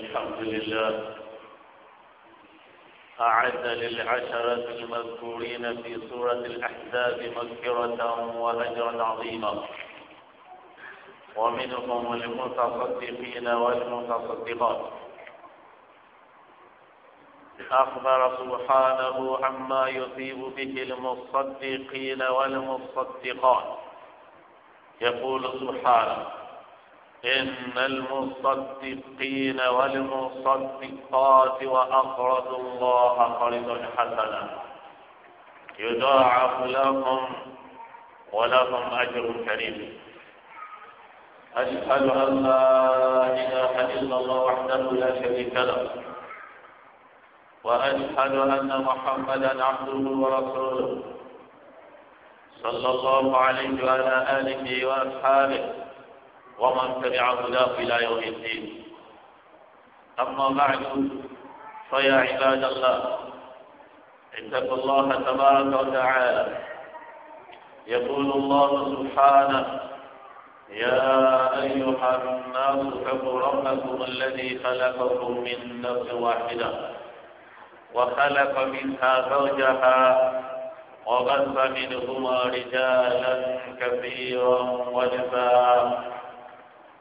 الحمد لله أعد للعشرة المذكورين في سورة الأحزاب مذكرة وأجرا عظيما ومنهم المتصدقين والمتصدقات أخبر سبحانه عما يصيب به المصدقين والمصدقات يقول سبحانه إن المصدقين والمصدقات وأقرضوا الله قرضا حسنا يضاعف لهم ولهم أجر كريم أشهد أن لا إله إلا الله وحده لا شريك له وأشهد أن محمدا عبده ورسوله صلى الله عليه وعلى آله وأصحابه ومن تبع هداه إلى يوم الدين أما بعد فيا عباد الله اتقوا الله تبارك وتعالى يقول الله سبحانه يا أيها الناس اتقوا ربكم الذي خلقكم من نفس واحدة وخلق منها زوجها وبث منهما رجالا كثيرا ونساء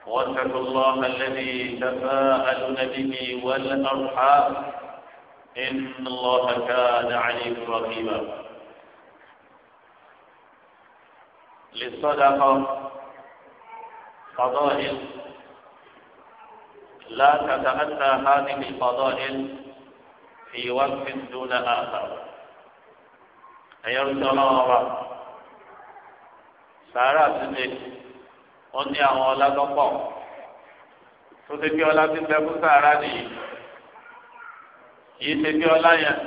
واتقوا الله الذي تفاءلون به والأرحام إن الله كان عليكم رقيبا للصدقة فضائل لا تتأتى هذه الفضائل في وقت دون آخر أيرجى الله سارة wọ́n ní àwọn ọlá lọ́pọ̀ tó ṣe bí ọlá ti bẹ fún sàárà nìyí yìí ṣe bí ọlá yẹn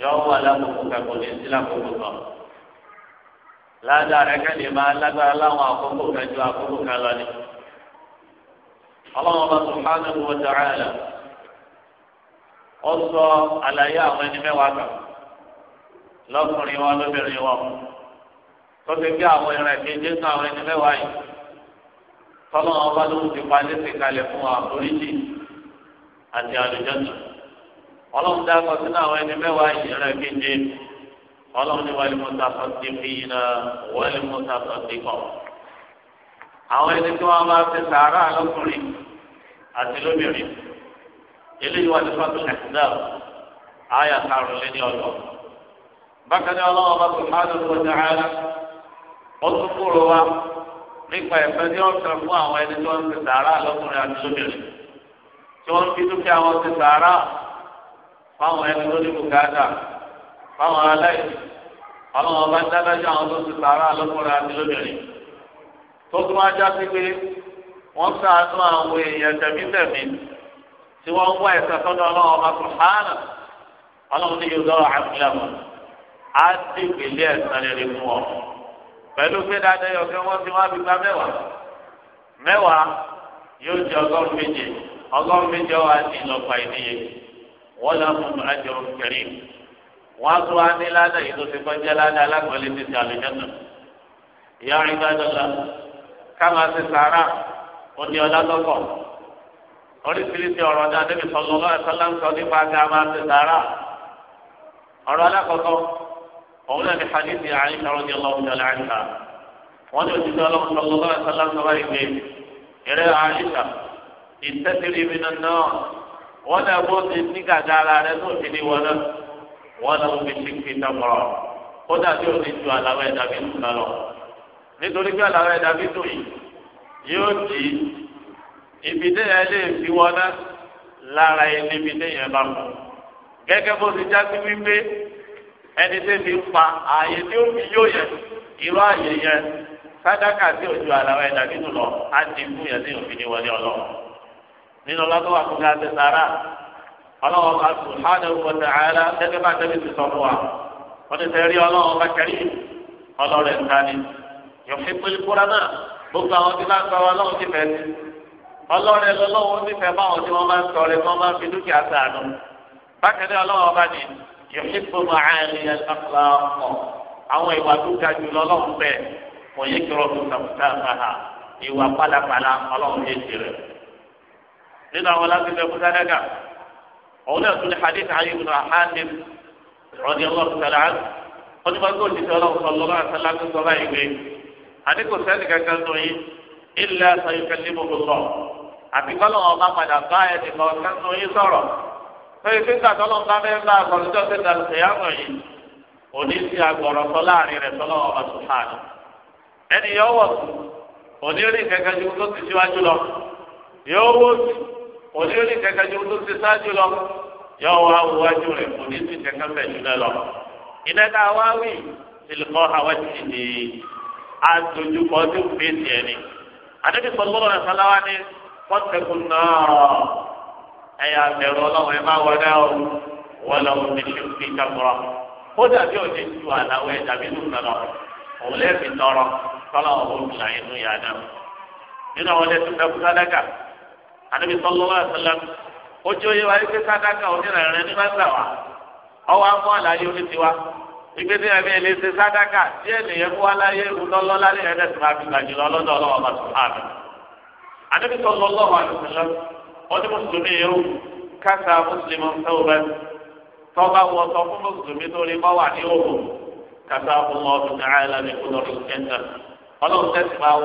yọ wà lákòókò la ní sí kan ládàá rẹ kẹ́lẹ́ máa lágbára láwọn àkókò kẹjọ àkókò kan lọ ni ọlọ́run bá ó sọ àlàyé àwọn ẹni mẹ́wàá kan lọ́kùnrin wọn lóbìnrin wọn tó àwọn àwọn ẹni mẹ́wàá yìí. tọ́lọ́ ọba ló ti pa lẹ́sẹ̀ kalẹ̀ fún àforíjì àti àlùjọ́nà ọlọ́run dákọ̀ sínú àwọn ẹni mẹ́wàá ìyẹ̀rẹ̀ kéde ọlọ́run ní wàlú mọ́tàfà ti fi iná wàlú mọ́tàfà ti kọ̀ àwọn ẹni tí wọ́n máa fi sàárà lọ́kùnrin àti lóbìnrin eléyìí wà ní fatu ẹ̀sìndà àyà karùnléní ọ̀dọ́ bákan náà ọlọ́run bá tó máa lọ́kùnrin ọ̀dọ́ ara ó tún kúrò wa nípa ẹ̀fẹ́ tí wọ́n fẹ́ fún àwọn ẹni tí wọ́n ti sàárà lọ́kùnrin àti lóbìnrin tí wọ́n fi dúkìá wọn ti sàárà fáwọn ẹni tó ní bùkátà fáwọn aláìsí ọlọ́wọ́n ọba ń dádájọ́ àwọn tó ti sàárà lọ́kùnrin àti lóbìnrin tó tún wá já sí pé wọ́n sàánú àwọn èèyàn tẹ̀mítẹ̀mí tí wọ́n wá ẹ̀sẹ̀ tọ́jú ọlọ́wọ́n ọba tó hánà ọlọ́wọ́n ní yorùbá àfihàn á sì ẹ̀sán pẹ̀lú pé dáadáa yọ kí wọ́n ti wá fi gba mẹ́wàá mẹ́wàá yóò jẹ ọgọ́rùn méje ọgọ́rùn méje wa ní ìlọ́pa ìdíye wọ́n lọ fún àjọ kẹrì wọ́n á tún wá ní ládàá yìí tó ti kọjá ládàá alágbọ̀lẹ́ ti ti àlùjọ́nà ìyá rẹ̀ gbàdọ̀ la káma ti sàárà ó ní ọ̀dà tọkọ̀ oríṣiríṣi ọ̀rọ̀ dáadé sọ̀lọ́ lọ́wọ́ láǹkọ̀ nípa ká ti sàárà ọ̀rọ̀ alákọ̀ọ́kọ́ ọ̀hún náà ní hadithi àyíká rọ́dí ọlọ́run jọlá àyíká wọ́n ní òtítọ́ ọlọ́run lọ́wọ́ bá ṣọlá ń sọ́wọ́ ìgbé eré àyíká ìtẹ́sírí mi nánà wọ́n náà bó ti ní gàdá ara rẹ tó ti ní wọn náà wọ́n náà fi ṣe kí dàgbọ́rọ̀ ó dàbí òní ju àlàwọ̀ ẹ̀dá bí tù lọ nítorí pé àlàwọ̀ ẹ̀dá bí tù yìí yóò di ibi déyà lè fi wọn lára ẹni ibi ẹni tí mi ń pa ààyè tí ó fi sadaka si irú ààyè yẹn sádàkà tí òjò àlàó ẹ̀dá nínú lọ á ti kú yẹn tí òfin ọlọ nínú wa fún gáàsì sára ọlọ́wọ́ bá sùn hánà wọ́n ti àyàlá gẹ́gẹ́ bá tẹ́lẹ̀ ti sọ fún wa wọ́n ti tẹ̀rí ọlọ́wọ́ bá kẹ́rì ọlọ́rẹ̀ ńláni náà gbogbo àwọn tí bá ti fẹ́ ọlọ́rẹ̀ lọ́wọ́ yòókù màálí ẹ̀sàkùlà ọkọ̀ àwọn ìwà tó ga jù lọ lọ́wọ́ bẹ́ẹ̀ kò yẹ kí ọ̀rọ̀ tó sàkúta fàhà ìwà pálapàla ọlọ́run yẹ tirẹ̀. nínú àwọn alágbèbè kúndàdàgà òun náà tún ní hadith ayé ibùdó àhánì rọ́dí ọlọ́run sàlá onígbàgbọ́ òṣìṣẹ́ ọlọ́run sọ lọ́wọ́ àṣàlá tó sọ báyìí àdínkù sẹ́ni kankan tó yín ilé aṣọ ìfẹ́ fẹ́ẹ́ fi gbà tọ́lọ́ bá fẹ́ẹ́ bá àgbọ̀rọ̀jọ́ ṣe dàrú ṣèyàmọ̀ yìí òní sí àgbọ̀rọ̀sọ láàrin rẹ̀ tọ́lọ́ ọba tó fà ní. ẹni yọ wọ̀ sí òní rí kẹ̀kẹ́ ju tó ti síwájú lọ yọ wọ́ sí òní rí kẹ̀kẹ́ ju tó ti sáájú lọ yọ wá wájú rẹ̀ òní sí kẹ̀kẹ́ bẹ̀ jù lọ. ìdẹ́ka wá wí ìlùkọ́ àwọn ti di àdójúkọ tó gbé tiẹ̀ ni. àdébìsọ̀ lọ́rọ̀ ẹ̀yà bẹ̀rù ọlọ́run ẹ má wọlé o wọ́n lọ fi ṣe fi kakọrọ ó dàbí òde ju àláwọ̀ ẹ̀ dàbí tó nà lọ òun lẹ́ẹ̀fi tọrọ tọ́lá ọ̀hún ìlà inú yà dá nínú àwọn ẹ̀sìn fẹ́kú sádàkà àdébí sọlọ́wọ́ àtàlám ojú oyè wa ẹgbẹ́ sádàkà onírànrẹ́ ní gbà wá ọwọ́ amú àlàyé orí tiwa ìgbésẹ̀ ẹ̀mí ẹ̀ ṣe sádàkà tí ẹ̀ fún aláyé ìwúlọ́lọ́lá ní ẹ̀ẹ́dẹ̀sìn fi gbàjúlọ́ lọ́dọ̀ ọlọ́wọ́ bàtú àmì àdébí sọlọ́wọ́ àtàlám wọ́n ní mùsùlùmí yìí kásá mùsùlùmí sọ́wọ́ tọ́ba wọ sọ fún mùsùlùmí tó rí bọ́ wà ní òkú kásá fún ọdún kẹ́ńtà ọlọ́run tẹ̀sí máa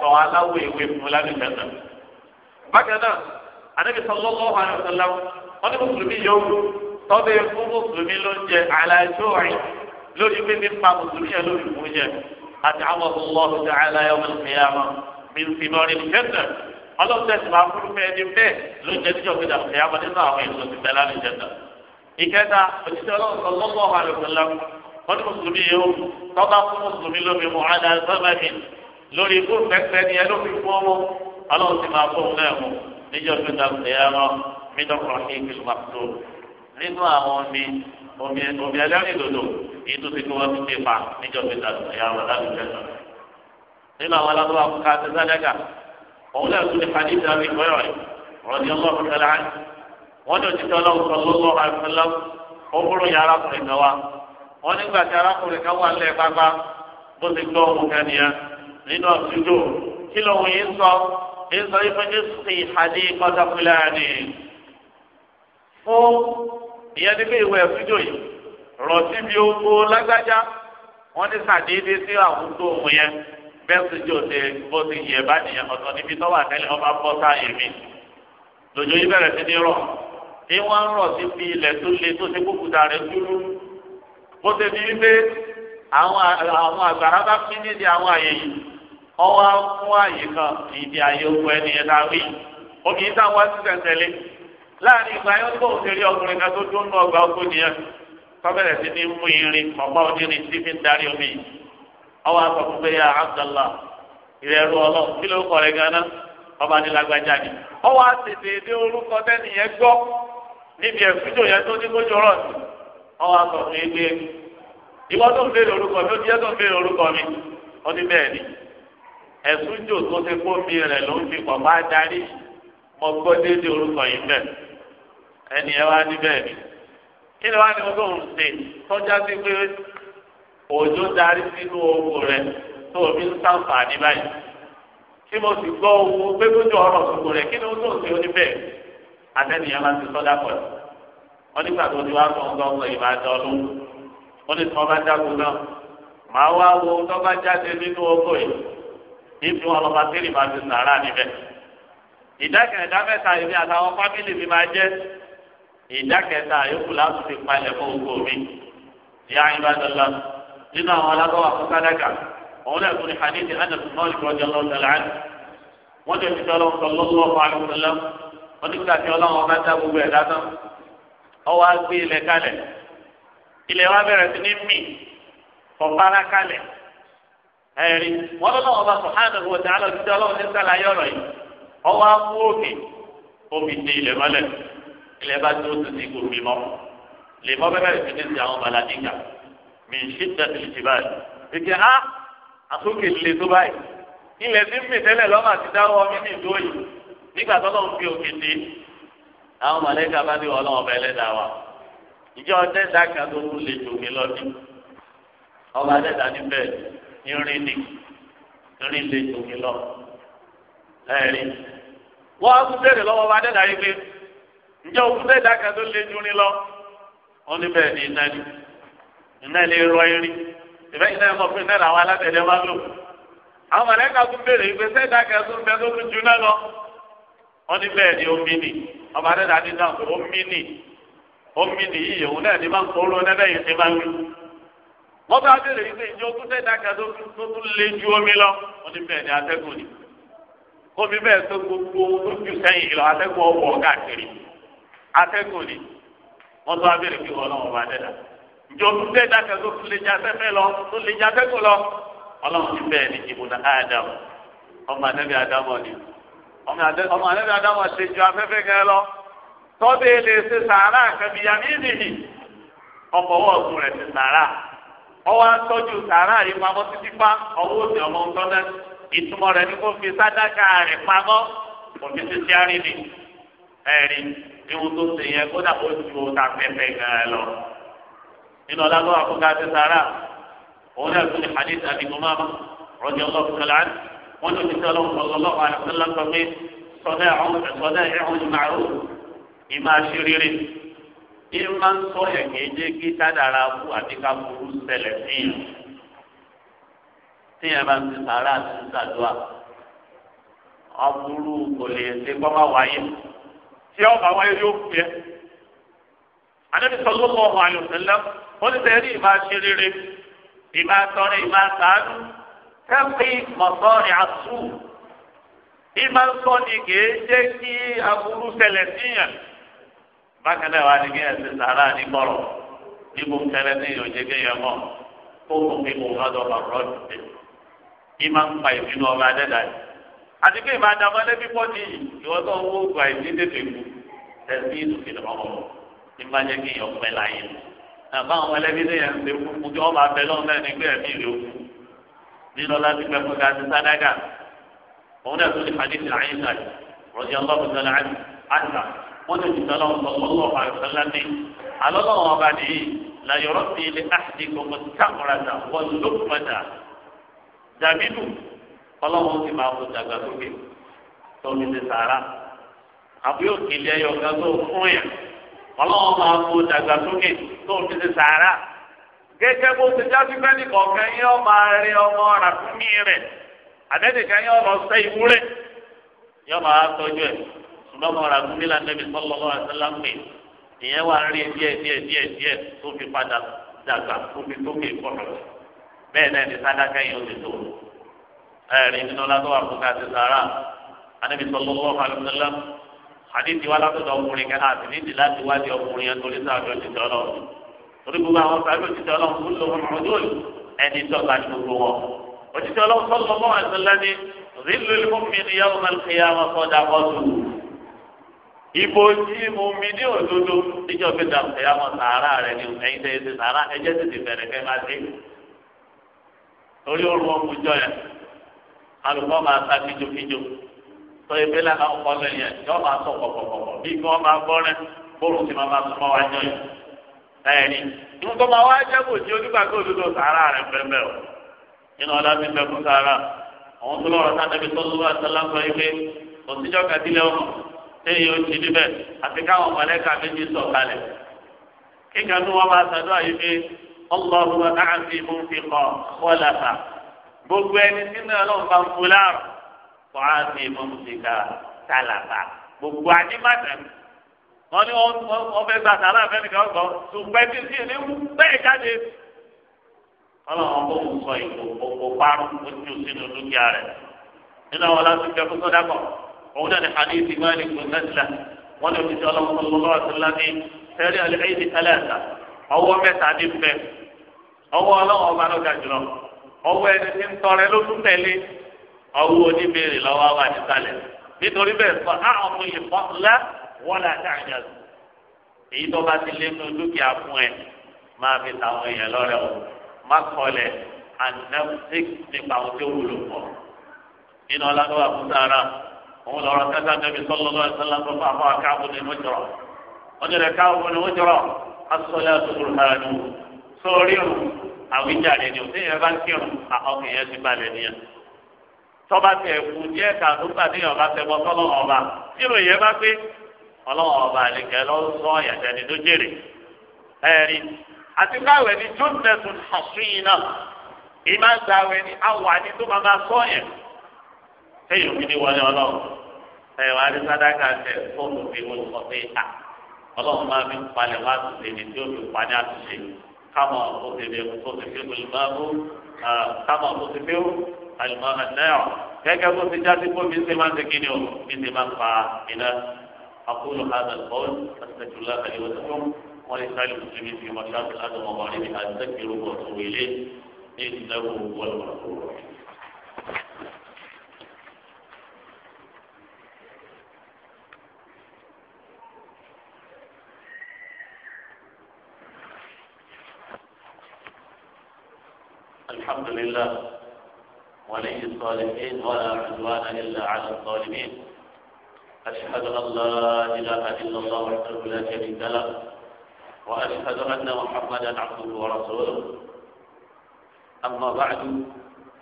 wọ aláwọ̀ ìwé fún kẹ́ńtà. bákan náà anábì mùsùlùmí fún mùsùlùmí ló ń jẹ lórí ọlọ́run tẹ̀sí máa fún fún ẹni bẹ́ẹ̀ ló jẹ́ tíjọ́ gbé dàpọ̀ ẹ̀yà bọ́dé náà àwọn èso ti bẹ̀ lálẹ́ jẹ́ta. ìkẹta òṣìṣẹ́ ọlọ́run sọ lọ́wọ́ àlùfẹ́lá wọn ní mùsùlùmí yìí ó tọ́ba fún mùsùlùmí lómi mu àdá sọ́mẹ́mì lórí ikú pẹ́pẹ́ ni ẹ ló fi fún ọmọ ọlọ́run máa fún náà mu níjọ́ gbé dàpọ̀ ẹ̀yà wọn mí òun náà tún ní hadith àbí ìfọyọ̀ rẹ̀ rọ̀dí ọlọ́run tẹ̀lé àyè wọ́n ní òtítọ́ ọlọ́run sọ lọ́wọ́ àìsílọ́ ó búrú ya arákùnrin kan wá wọ́n nígbà tí arákùnrin kan wà lẹ́ẹ̀ pápá bó ti gbọ́ ohun kan nìyẹn nínú ọ̀sùnjò kí lóhun yìí sọ yìí sọ yìí fún yìí sì hadí kọ́tàkùlẹ̀ àní. fún ìyẹn ní pé ìwé ẹ̀sùnjò yìí rọ̀ síbi ogbó lágbájá wọ́n ní sàdéédé sí àwùjọ òun yẹn. bẹ́ẹ̀sì jò ṣe bó ti yẹ bá nìyẹn ọ̀tọ̀ níbi tọ́wọ́ àtẹ́lẹ̀ ọba bọ́ sáàyè mi lójó yìí bẹ̀rẹ̀ sí ní rọ̀ ní wọ́n ń rọ̀ sí fi ilẹ̀ tó le tó ṣe kúkúta rẹ̀ dúró bó ṣe ní wípé àwọn àgbàrá bá pín nídìí àwọn àyè yìí ọwọ́ fún àyè kan ìdí àyè oko ẹni yẹn wá sí ọwọ́ akọ fún ya abdallah ìrẹ̀ ẹ̀rú ọlọ́ kí ló kọ̀ rẹ̀ gánà ọba ni dé orúkọ tẹ́nì yẹn gbọ́ níbi ẹ̀fújò yẹn tó ní kójú rọ̀ sí yẹn gbé ìwọ tó ń orúkọ mi ó ti yẹ tó ń orúkọ mi ó ni tó ti kó mi rẹ̀ ló ń fi pọ̀ bá darí mọ gbọ́ orúkọ yìí wá ní bẹ́ẹ̀ kí ni wá ní òjò darí sínú owó rẹ tó o fi ń sàǹfààní báyìí tí mo sì gbọ́ owó gbégójú ọ̀rọ̀ gbogbo rẹ kí ni o tó ń ṣe ó ní bẹ́ẹ̀ àtẹnìyàn máa ń ti sọ́dá pọ̀ wọ́n nígbà tó ti wá sọ ń gbọ́ ìbá dọ́lú wọ́n ní tí wọ́n bá jágun náà màá wá wo tó bá jáde nínú oko yìí ìfi wọn lọ́ba tẹ́lẹ̀ máa ti sàrà níbẹ̀ ìdákẹ̀ẹ́dá mẹ́ta ìbí àtàwọn fámìlì mi máa jẹ́ ìdákẹ̀ẹ́ta yòókù láti fi palẹ̀ fún oko mi ìyá ìbádọ́lá nínú àwọn alágbàwà fún sádàkà òun náà tún ní hadithi anas malik rọjò lọ sọlá án wọn jẹ títí ọlọ́run sọ lọsọ fún alùpùpùlọ wọn ní kíkà tí ọlọ́run ọba dá gbogbo ẹ dáná ọwọ́ agbé ilẹ̀ kalẹ̀ ilẹ̀ wa bẹ̀rẹ̀ sí ní mì kọfara kalẹ̀ ẹẹri wọn lọ náà ọba subhanahu wa ta'ala títí ọlọ́run ní sàlàyé ọ̀rọ̀ yìí ọwọ́ amú òkè omi ní ilẹ̀ mọ́lẹ̀ ilẹ̀ bá tó tó ti gòmìmọ lè mọ bẹ̀rẹ̀ sí ní ti àwọn baladíkà mi ṣe jáde lè ti báyìí èké á àsókè lè tó báyìí ilẹ̀ tí ń mì tẹ́lẹ̀ lọ́mọ àti dáwọ́ mímì tó yìí nígbà tó lọ́n fi òkè dé àwọn mọ̀lẹ́kà bá ní ọlọ́run ọba ẹlẹ́dàá wa ìjọ ọdẹ́ta kan tó kú lè jòkè lọ́dún ọba ọdẹ́ta níbẹ̀ irin ni irin lè jòkè lọ ẹ̀rí wọ́n á tún bèrè lọ́wọ́ ọba ọdẹ́ta yìí pé ǹjẹ́ òkú dẹ́ta tó lè jùrin lọ wọ́n níbẹ̀ ní iná ni iná lè rọ irin ìfẹ́ iná ẹ̀ mọ̀ pé iná làwọn alátẹ̀dẹ máa lò àwọn mọ̀lẹ́ka tún béèrè ìgbé sẹ́dá kẹsùn bẹ́ẹ̀ tó tún jùlọ lọ wọ́n ní bẹ́ẹ̀ ni omi nì ọba adẹ́dá ní náà pé omi nì omi nì yìí òun náà ní máa ń kóró nẹ́bẹ̀ yìí ti máa ń wí wọ́n bá béèrè ìgbé ìjọ tún sẹ́dá kẹsùn tó tún lé ju omi lọ wọ́n ní bẹ́ẹ̀ ni atẹ́gùn nì omi bẹ́ẹ̀ tó gbogbo tó jù njọ tó tẹ dákẹ́ tó lè já sẹ́fẹ́ lọ tó lè já sẹ́kù lọ ọlọ́run ti bẹ́ẹ̀ ní ìbùdó ádámù ọmọ anẹ́bí ádámù ni ọmọ anẹ́bí ádámù ṣe ju afẹ́fẹ́ kan lọ tọ́bí lè ṣe sàárà kẹbíyàmí nìyí ọmọ ọwọ́ ọ̀gùn rẹ̀ ṣe sàárà ọwọ́ atọ́jú sàárà yìí pamọ́ títí pa ọwọ́ òsì ọmọ ńtọ́nà ìtumọ̀ rẹ̀ ni kò fi sádàkà rẹ̀ pamọ́ òfin ti ṣe arìnrìn ẹ̀rí ewu tó ṣe yẹ kó dàbọ̀ ju ọ̀tà pẹ́pẹ́ gan lọ nínú ọlágbọ́n àkókò àti sàrà òun náà tún ní hadith àti mọ́mọ́ rọ́jò ọlọ́run kẹlẹ́ àti wọ́n tún ti sọ ọlọ́run sọ ọlọ́run àti sọlá sọ pé sọdẹ́ àwọn sọdẹ́ ẹ̀hún ni màá ìmọ̀ àṣírírí ìmọ̀ ń sọ ẹ̀gẹ́jẹ́ kí sádàrà kú àti ká burú ṣẹlẹ̀ fíìn tí yẹn bá ti sàrà àti sàdúà ọ̀burú kò lè ṣe kọ́ máa wáyé tí ọ̀bà wáyé yóò fi ẹ́ anabi sallallahu alaihi wasallam wọn ti rí ìmá ṣe rere ìmá tọrẹ ìmá sàánú tẹ́pì mọ̀tọ́rì àṣù ìmá sọ ni kìí jẹ́ kí aburú ṣẹlẹ̀ síyàn bákan náà wà ní kí ẹ̀sìn sàrà ní kọ̀rọ̀ níbo ṣẹlẹ̀ ní ìyọ̀jẹ̀ kéèyàn mọ̀ tó kò fi kò lọ́dọ̀ ọ̀rọ̀ dùdẹ̀ ìmá ń pa ìbínú ọba adẹ́dà yìí àti pé ìmá dàbọ̀ lẹ́bí pọ́ọ̀tì ìwọ́sọ̀ owó ògùn àìsí tètè kù ìdùnkìlẹ̀ ọmọ tí bá jẹ́ kí èèyàn pẹ́ láyé àbá àwọn ẹlẹ́bí tó yẹn ti kú kí wọ́n máa bẹ lọ́wọ́ náà nígbà ẹ̀mí rẹ̀ ó kú nínú láti pẹ́ fún gàdí sádágà òun náà tún lè fàdí sí àyè náà rọ̀jì ọlọ́run tó náà àtà wọ́n ti tìtọ́ lọ́wọ́ lọ́wọ́ àrùsọ́lá ní alọ́lọ́wọ́ ọba nìyí làyọ̀rọ̀ sí ilé gbogbo fún yàn ọlọ́run máa mú dàgbàsókè tó fi ṣe sàárà gẹ́gẹ́ bó ṣe jáde fẹ́ni kọ̀ọ̀kan yẹn ọ máa rí ọmọ ràkúnmí rẹ̀ àdẹ́nìkan yẹn ọmọ sẹ́ ìwúrẹ́ yọ máa tọ́jú ẹ̀ ṣùgbọ́n ọmọ ràkúnmí là nẹ́bí sọ́lọ́lọ́ àṣẹláńpé ìyẹn wà ń rí díẹ̀ díẹ̀ díẹ̀ díẹ̀ tó fi padà dàgbà tó fi tókè kọ̀ọ̀kan bẹ́ẹ̀ náà ní sádàkà yẹn ó ti tó ẹ̀rín àdéhùn wa látọ̀dọ̀ ọkùnrin kan àti nídìí láti wájú ọkùnrin yẹn torí sáà ọjọ́ títọ́ lọ. torí gbogbo àwọn sábẹ́ òtítọ́ lọ fún lọ́wọ́ ọjọ́ ẹni tọ́ka ní gbogbo wọn. òtítọ́ lọ sọ lọ́wọ́ àtúnlẹ́ni rílu ìfúnmi ni yàwó malùkìyà wọn sọdá kọ́tù. ibo tí mo mi ní òdodo níjọ́ pé dàpẹ́yà sàárà rẹ̀ ni ẹ̀yin tẹ́ ẹ ti ọmọ ìjọ kíjokíjo sọ ebi la ka ọkọlọ yẹn yọ máa sọ kọkọkọkọ bí kí wọn máa gbọ́ rẹ bóòlù tí máa máa súnmọ́ wa jọ yìí ẹni nǹkan máa wá jẹ kò tí onígbàgbọ́ òdodo sàárà rẹ pẹpẹ o nínú ọlá ti fẹ fún sàárà àwọn tó lọ́rọ̀ sáà tẹbi tó lọ́rọ̀ sáà lọkọ ike òsíjọ kàdílẹ ọmọ téèyàn ó ti níbẹ̀ àti káwọn mọlẹka kọ́ra mi mọ́ mùsíkà tálàbà gbogbo àdé má tẹ̀ wọ́n ní wọ́n fẹ́ gba sàrà fẹ́ nìkan gbọ́ ṣùgbọ́n tí sí ní bẹ́ẹ̀ jáde ọlọ́run kò sọ ìlú gbogbo parun ojú sínú dúkìá rẹ̀ nínú àwọn aláṣẹ ìjọ fún sọ́dá kan òun náà ní hadithi malik bin nasla wọn ní òṣìṣẹ́ ọlọ́run tó lọ́wọ́ àtúnlá ní sẹ́rí àlẹ́yìí tẹ́lẹ̀ta ọwọ́ mẹ́ta ní bẹ́ẹ̀ ọwọ́ ọlọ́run ọba lọ́jà jùlọ ọwọ́ ẹni tí ń tọrẹ ló tún ọwọ́ oníbèrè lọ́wọ́ wà nísàlẹ̀ nítorí bẹ́ẹ̀ fọ àwọn ọmọ yìí fọ ńlá wọ́n là dá àjà sùn èyí tó bá ti lé nu dúkìá fún ẹ máa fi tàwọn èèyàn lọ́rẹ̀ o má kọlẹ̀ anamtik nípa àwọn tó wúlò pọ̀ nínú ọlọ́dọ́wà fún sára òun lọ́rọ̀ kẹta níbi sọ́lọ́lọ́ ìsọ́lá tó fà fún akáàbò ní mọ́jọ́rọ̀ ọjọ́ rẹ̀ káàbò ní mọ́jọ́rọ̀ asọ́lá tó kúrò sára nù sórí òun àwíjàre ni òun tọ́ba ti ẹ̀kú díẹ̀ ká tó gbà ní ọba tẹ̀wọ́ tọ́lọ́ ọba nínú ìyẹn bá pé ọlọ́wọ́ ọba àlekẹ́ lọ sọ ìyàtẹ̀ni tó jèrè ẹ̀rí àti káwé ni jóńdẹ̀sùn àṣùyìn náà ìmá gbàwé ni àwà ni tó máa máa sọ yẹn ẹ̀yìn òfin ni wọlé ọlọ́run ẹ̀yìn wà á ní sádàkà tẹ̀ fóònù bí olùkọ́ pé à ọlọ́run máa fi palẹ̀ wá àtúnṣe ni tí ó fi pa ní àtúnṣe kámọ̀ òfin àlùmọ́ àdáyọ̀ gẹ́gẹ́ bó ti jáde kó mi ṣe máa ń segin ní o mi أقول هذا القول أستغفر الله لي ولكم ولسائر المسلمين في مشاكل الأرض ومغاربها أستغفره وأتوب إليه إنه هو الغفور الحمد لله ولي الصالحين ولا عدوان إلا على الظالمين أشهد أن لا إله إلا الله وحده لا شريك له وأشهد أن محمدا عبده ورسوله أما بعد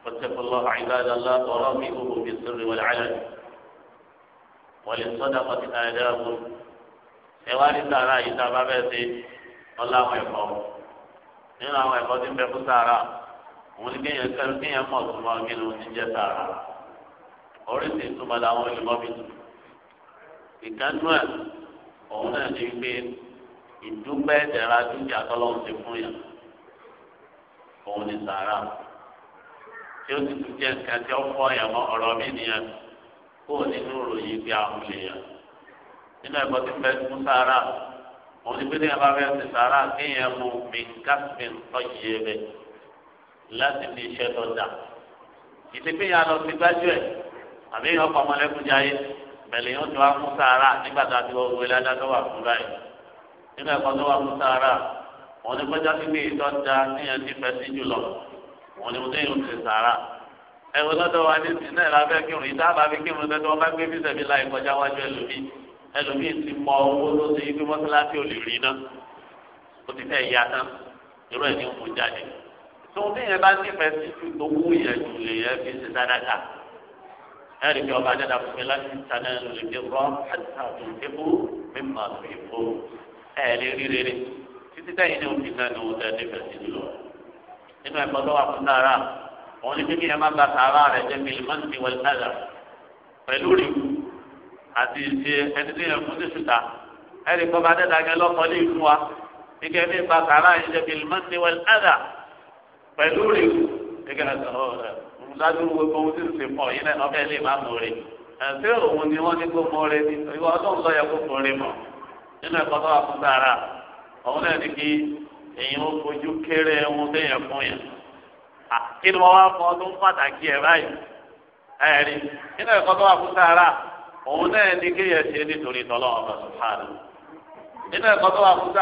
فاتقوا الله عباد الله ورافقوه بالسر والعلن وللصدقة آداب سواري سارا إذا ما بيتي الله يقوم إن الله يقوم بخسارة òun ní kéèyàn kẹrin kéèyàn mọ̀ tó máa gbé lóun ti jẹ́ sàrà oríṣi ìtumọ̀ làwọn olùmọ̀ fi tù ìkánú ẹ̀ òun náà ní pé ìdúpẹ́ ìdẹ̀ra dúkìá tọ́lọ́run ti fún yàn òun ní sàrà tí ó ti tún jẹ́ nǹkan tí ó fọ́ yàn mọ́ ọ̀rọ̀ mi nìyẹn kó o nínú ròyìn bí àwọn èèyàn nínú ẹ̀kọ́ tí fẹ́ fún sàrà òun ní pé ní ẹ bá fẹ́ kéèyàn mú mi kásìmì tọ́jú yé bẹ́ẹ̀ láti fi iṣẹ́ tó dà ìdíbí yà lọ sí gbájú ẹ̀ àbí yàn ọkọ̀ ọmọlẹ́kùn jáyé bẹ̀lẹ̀ yóò tó wá fún sàárà nígbà tá a ti wọ owó ìlànà tó wà fún báyìí nígbà kan tó wà fún sàárà wọn ni gbọ́dọ̀ fi bí ìtọ́ da níyàn ti fẹ́ sí jùlọ wọn ni wọn ní yóò ti sàárà ẹ̀wọ̀n lọ́dọ̀ wa ní sinẹ́ lábẹ́ kírun ìdáàbà fi kírun tẹ́tẹ́ wọn bá gbé fífẹ́ mi láì kọjá wájú ẹlòmíì ẹlòmíì ti mọ tó bí yẹn bá nífẹ̀ẹ́ sí ju tó wú yẹn jù lè yẹ fi ṣe sádàkà ẹ̀rí bí ọba dẹ́dà fún mi láti sáná lè dé rọ́ àti àtúntébù mi mà tó ìfò ẹ̀ lè rí rere títí táyé ní òfin náà ni wọ́n tẹ́ nífẹ̀ẹ́ sí jùlọ. nínú ẹ̀kọ́ tó wà fún náírà òun máa gba sàárà rẹ̀ jẹ́ mi lèmọ́n ti wọlé náírà pẹ̀lú rí àti ìṣe ẹni tó yẹ fún ti ṣùtà ẹ̀rí ọba dẹ́dà gẹ́ lọ́kọ́ lè fún wa kíkẹ́ mi gba sàárà yẹn jẹ́ mi lèmọ́n ti wọlé náírà pẹ̀lú rẹ̀ gẹ́gẹ́ náà sọ̀rọ̀ rẹ̀ olùdájú gbogbo ohun tí ń ṣe pọ̀ yìí náà ọbẹ̀ lè má mọ̀ rẹ̀ ẹ̀sẹ̀ òun ni wọ́n ní kó mọ̀ rẹ̀ ní ìwọ ọdún lọ yẹ kó mọ̀ rẹ̀ mọ̀ nínú ẹ̀kọ́ tó wà fún sára òun náà ní kí èyàn ó fojú kéré ohun téèyàn fún yẹn kí ni wọ́n wá fọ ọdún pàtàkì ẹ̀ báyìí ẹ̀rí nínú ẹ̀kọ́ tó wà fún sára òun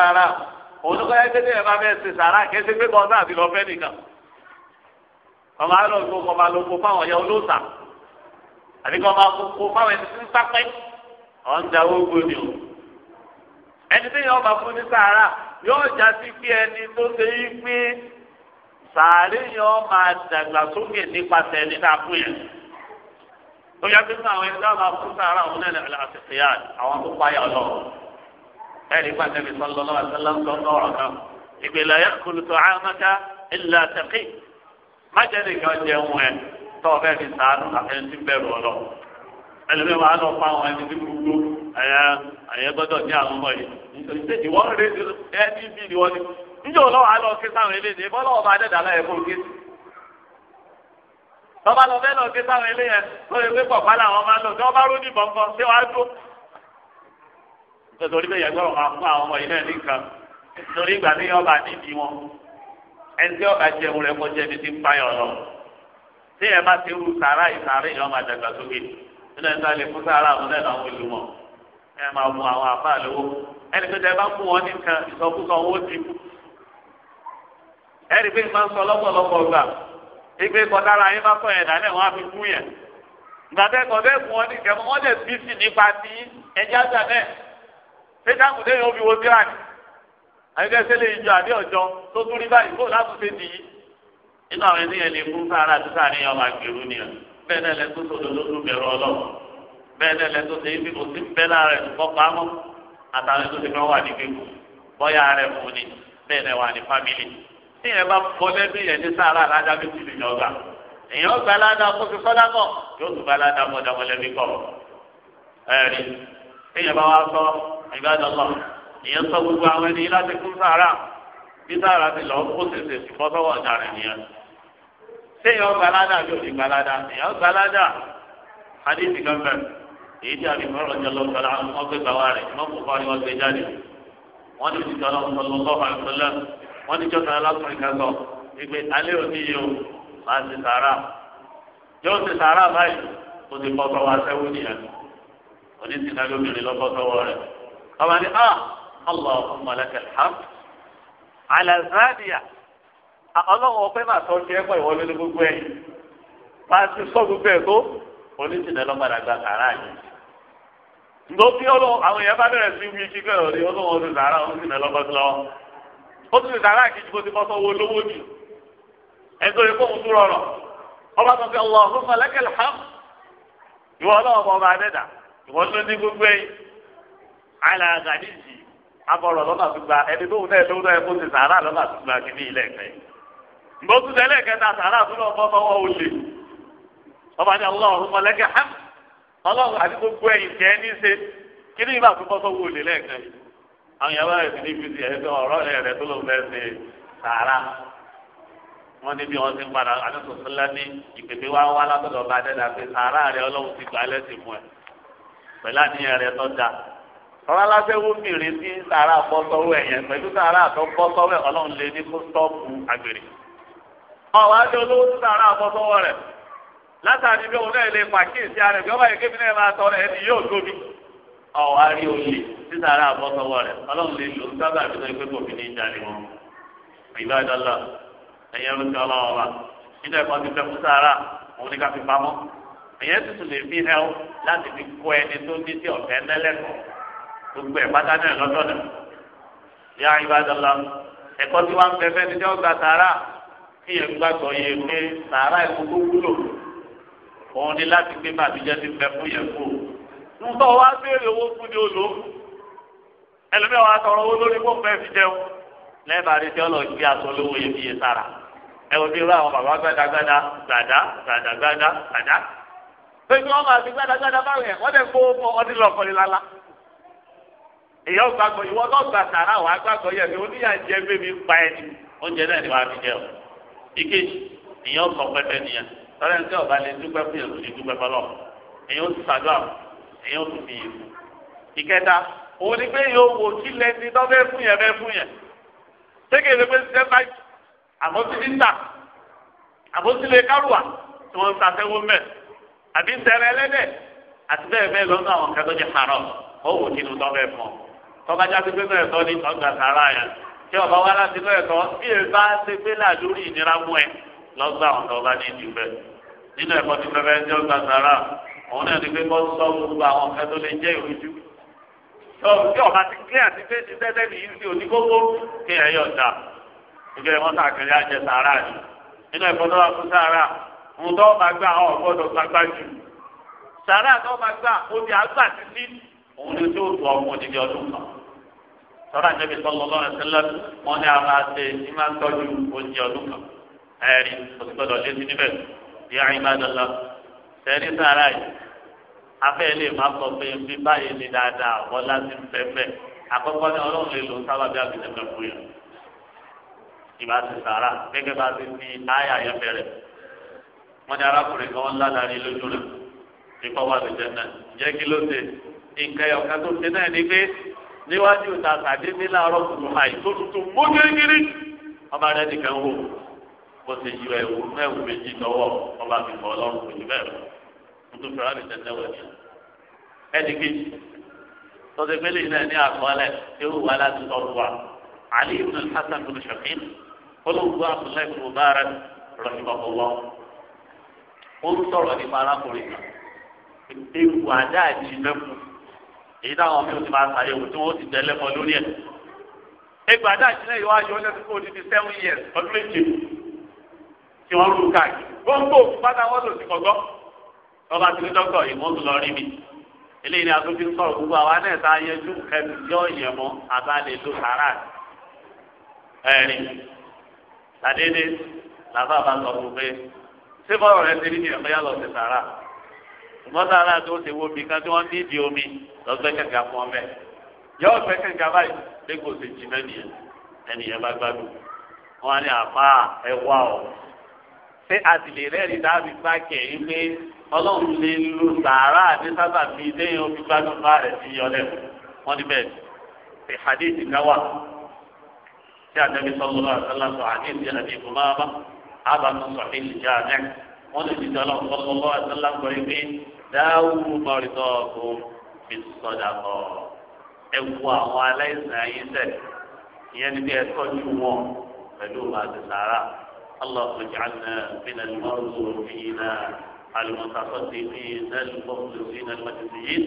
náà olùkọ́ yẹn kéde ẹ̀ máa bẹ́ẹ̀ ṣe sàrà kéde pé kọ́ sáà ti lọ fẹ́ nìkan ọmọ alọ́ ló kọ́ máa lo kó fáwọn ọ̀yà olóòsà àbí kọ́ máa kó fáwọn ẹni tí ń sápẹ́ ọ̀n da ogun ni o ẹni tí yọ̀ọ́ máa fún ní sàrà yóò já sí pé ẹni tó ṣe yí pé sàárè yọ̀ọ́ máa dàgbàsókè nípasẹ̀ ẹni fún yẹn tó yá pé àwọn ẹni tó ẹni pa tẹbi sọlọ lọwọ sọlọ ń tọ ọ̀rọ̀ kan ìgbèlà yẹ kulutu amaka ilà tẹkí májèlé kan jẹun ẹ tọ ọbẹ mi sàánù àfẹn tí bẹ̀rù ọlọ ẹlẹmi wàá lọ fún àwọn ẹni tí gbogbo ẹyẹ ẹyẹ gbọ́dọ̀ ní àwọn ọmọ yìí nítorí pé ìwọ rẹ ẹ ní bí ni wọn ni níjẹ òun lọ́wọ́ àlọ kí sáwọn eléyìí ìbọn lọ́wọ́ bá dẹdà láyé fún kí tọba lọ bẹ́ẹ̀ lọ kí sáwọn eléyìí ẹ lọ ewé pọpá làwọn máa lọ tí wọn bá rú ní bọǹkan tí dúró nítorí bẹ́ẹ̀ yàgbọ́rọ̀ máa fún àwọn ọmọ yìí náà nìkan nítorí ìgbà tí ọba nídìí wọn ẹni tí ọba jẹun rẹ kọjá ibi tí ń payọ̀ lọ tí ẹ bá ti rú sàrà ìsàrè yìí wọn máa dàgbà sókè nínú ẹni tó lè fún sàrà àwọn náà làwọn olùmọ̀ ẹ máa mú àwọn àfa lówó ẹni tó jẹ bá fún wọn nìkan ìsọkúsọ owó ti kú ẹni pé máa ń sọ lọ́pọ̀lọpọ̀ gbà ìgbé kọ̀dára yín bá sọ ẹ̀dá náà wọ́n á fi kú yẹn gbàtẹ́kọ̀ọ́ bẹ́ẹ̀ fún wọn nìkan wọ́n ṣé dáàbò lẹ́yìn ó fi wo síra ni àyíkẹ́sẹ́ lè jọ àbí ọjọ́ tó tún rí báyìí kó láti ṣe dì í inú àwọn ènìyàn lè fún sára tó sáré ọmọ àgbèrú ni bẹ́ẹ̀ náà lẹ́tọ́ tó lọ bẹ̀rù ọlọ́run bẹ́ẹ̀ náà lẹ́tọ́ tó yẹ kó sí bẹ́ẹ̀ lára kọ́ pamọ́ àtàwọn ni bẹ́ẹ̀ ìbádọ́lọ́ ìyẹn sọ gbogbo àwọn ẹni láti kún sàárà bí sàárà ti lọ kó sèse ṣùgbọ́n sọ́wọ́ ọ̀daràn nìyẹn. ṣé ìyọ́ gbalada àbí òní gbalada ìyọ́ gbalada hadithi kan bẹ̀rẹ̀ èyí tí àbí mọ́rọ̀ jẹ́ lọ gbala wọn gbé gbà wá rẹ̀ wọn kò fọ́ ni wọ́n gbé jáde wọ́n ti sìkà lọ sọ lọ́wọ́ àìsọ́lẹ̀ wọ́n ti jọ́ta alákùnrin kan sọ ìgbé alẹ́ òní yìí o máa ti sàárà ọba ní ah allahumma lakal hamd alazania ọlọ́run ọpẹ́ máa tọ́ sí ẹ̀kọ́ ìwọlé gbogbo ẹ̀ máa ti sọ gbogbo ẹ̀ tó oníṣìnà lọ́gbàdà àìlà gàdíjì abọ̀rọ̀ lọ́nà tó gba ẹni tó wùdẹ́ tó wùdẹ́ kó ti sàárà lọ́nà tó gba kìíní ilẹ̀ fẹ́. gbọ́dọ̀ tẹ́lẹ̀ kẹta sàárà tó lọ́ọ́ ọba ní àti gbogbo ẹ̀yìn tẹ́ ní ṣe kìíní ìgbà tó bọ́ fọwọ́ olè lẹ́ẹ̀kan àwọn yàrá rẹ̀ ti ní fìdí ẹ̀ tó ṣe sàárà wọn ní bí wọn ti ń padà ní ìpèpè tọ́lá lásẹ̀ wó mìíràn sí sàrà bọ́sọ́wọ́ ẹ̀yẹn pẹ̀lú sàrà tó bọ́sọ́wọ́ ẹ̀ ọlọ́run lè ní kó stọ́ọ̀pù àgbèrè. ọ̀wá tí olówó sí sàrà bọ́sọ́wọ́ rẹ̀ látàrí bí òun náà lè pàkíyèsí ara ìjọba yìí kébí náà máa tọrọ ẹni yóò tóbi. ọ̀wá rí olè sí sàrà bọ́sọ́wọ́ rẹ̀ ọlọ́run lè lò sábà bí wọ́n pé kò fi ní í jalè wọn. ìbádọ́lá ẹ̀yẹ ló ti gbogbo ẹ̀ pátá náà lọ́dọ̀ náà yá ìbádọ́lá ẹ̀kọ́ tí wọ́n ń bẹ fẹ́ni tí wọ́n gba sàárà kí yẹn gbàgbọ́ yẹ pé sàárà ẹ̀kọ́ tó wúlò òun ni láti gbé bàbíjẹ́ ti fẹ́ fún yẹn kú. nǹkan wá béèrè owó fún ni olò ẹlòmíràn wá tọrọ owó lórí kó fẹ́ fi jẹun lẹ́ẹ̀bà rí tí ọlọ́ọ̀ gbé aṣọ lówó yẹ fi yẹ sára ẹ wò bí irú àwọn bàbá gbàdágbàdá gbàdá gbàdágbàdá gbàdá. pé kí wọ́n máa fi gbàdágbàdá báwọn ẹ̀ wọ́n èyí ọgbà gbọ ìwọ náà gbà sàrà wà á gbàgbọ yẹ mi oníyà jẹ bébí pa ẹni oúnjẹ náà ni wàá fi jẹ o ìkejì èyí ọkọ pẹpẹ nìyẹn tọ́lá ẹni tí ọba lè dúpẹ́ fún yẹn kò dúpẹ́ fọlọ́ èyí ó ti sàdúrà èyí ó ti fi yẹn ìkẹta òun ni pé yóò wò kí lẹni tó fẹ́ fún yẹn fẹ́ fún yẹn sékè lè pé ṣiṣẹ́ báyìí àbótìlítà àbótìlẹ̀ kárùwà tí wọ́n ń sàfẹ́wó mẹ́ àbí sẹ́rẹ̀ ẹlẹ́dẹ̀ àti bẹ́ẹ̀ bẹ́ẹ̀ lọ́nà àwọn kẹ́tọ́ jẹ́ haram ó wò kí ni tó fẹ́ fún ọ tọ́ba jáde pé bẹ́ẹ̀ tọ́ ní ọgbà sàrà yẹn tí ọba wa láti bẹ́ẹ̀ tọ́ bí ẹ bá ṣe pé làdúrì ìnira mú ẹ lọ́gbà ọ̀dọ̀ ọba ní ìdí bẹ́ẹ̀ nínú ẹ̀kọ́ ti fẹ́ fẹ́ jẹ́ ọgbà sàrà òun náà ni pé kọ́ sọ gbogbo àwọn ọ̀fẹ́ tó lè jẹ́ ìrújú. tí ọba ti gbé àti pé ti tẹ́tẹ́ mi yìí sí oníkókó kí ẹ dà ìgbẹ́ sàrà ni nínú gbà ó ti àgbà títí òun ni tó tọ́ ọmọ sọ́dọ̀ àjẹbí sọ́lọ́ lọ́rẹ̀ sílẹ̀ wọ́n ní ara ṣe ní máa ń tọ́jú oúnjẹ ọdún kan ẹ̀rí òsìgbọ́dọ̀ létí níbẹ̀ bí àyìnbádọ́lá sẹ́rí sára yìí afẹ́ lè má sọ pé bí báyìí ní dáadáa bọ́lá ti ń fẹ́ fẹ́ àkọ́kọ́ ní ọlọ́run lè lò sábà bí àbílẹ̀ fẹ́ fún yẹn ìbá ti sàrà gẹ́gẹ́ bá ti ní àyà yẹn bẹ̀rẹ̀ wọ́n ní arákùnrin kan ládàrí lójú rẹ̀ nípa wà lójú ẹ̀ níwájú ta tàbí ní láàárọ̀ kùtù àìsó tuntun mú gírígírí ọba rẹ nìkan wò bó ṣe yọ ẹwù mẹwù méjì lọ́wọ́ ọba fi kọ Ọlọ́run kò jù bẹ́ẹ̀ lọ tuntun fẹrẹ mi tẹtẹ wẹ ni ẹnì kejì tọ́sí pélé náà ní àkọọ́lẹ̀ tí ó wà láti tọ́jú wa Ali ibn Hasan bin Shaqin olóògbé Abdullahi bin Mubarak rahimahullah ó ń sọ̀rọ̀ nípa arákùnrin kan ewu àdáàjì mẹ́kùn èyí táwọn mi ò ti máa ṣàyẹ̀wò tí wọ́n ti tẹ̀lé mọ́ lórí ẹ̀. ẹgbàá dà sílẹ̀ yóò wáyé ọjọ́ tó kó odidi seven years ọdún méje tí wọ́n rú káàkiri. gbogbo òkúpátá wọ́n lò sí kọ̀gọ́. ọba tí ní dókítà yìí wọ́n tún lọ rí mi. eléyìí ni aṣojú ń sọ̀rọ̀ gbogbo àwa náà tá a yẹjú ẹnu yọ ìyẹn mọ́ àbá lè lo sàrà ẹ̀rí. làbá bá sọ fún pé ṣé rẹ ti rí ni ẹ̀fọ́ ṣùgbọ́n sára tó ṣe wo mi kan tí wọ́n ní ìdí omi lọ́sẹ̀ kẹ̀kẹ́ fún ọmọ ẹ̀ yọ ọ̀sẹ̀ kẹ̀kẹ́ báyìí lẹ́kọ̀ọ́ ṣe jí mẹ́niyẹn ẹnìyẹn bá gbádùn wọn á ní àfa ẹ wá ọ ṣé àtìlè rẹ́ẹ̀rí dábì bá kẹ̀yìn pé ọlọ́run lè lu sàárà ní sábà fi lẹ́yìn omi gbádùn bá rẹ̀ sí yọlẹ̀ wọn ní bẹ́ẹ̀ ṣe hadith káwà ṣé àtẹ̀bí sọ́kùnrin àtàlàsọ hadith àdìgún máa bá àbámu sọ̀hìn ìjà rẹ̀ داو مرضاكم ọ̀hún fi sọ̀dà kọ́ ẹ wo àwọn شموع ayé sẹ̀ ìyẹn اللهم اجعلنا من المرزوقين المتصدقين المخلصين المجزيين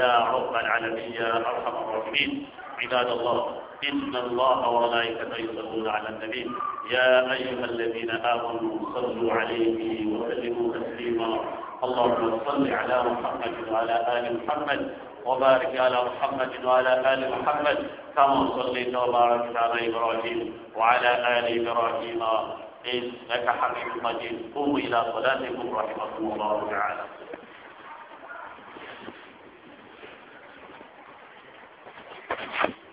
يا رب العالمين يا ارحم الراحمين عباد الله إن الله وملائكته يصلون على النبي يا أيها الذين آمنوا صلوا عليه وسلموا تسليما اللهم صل على محمد وعلى آل محمد وبارك على محمد وعلى آل محمد كما صليت وباركت على إبراهيم وعلى آل إبراهيم إنك حميد مجيد قوموا إلى صلاتكم رحمكم الله تعالى Thank you.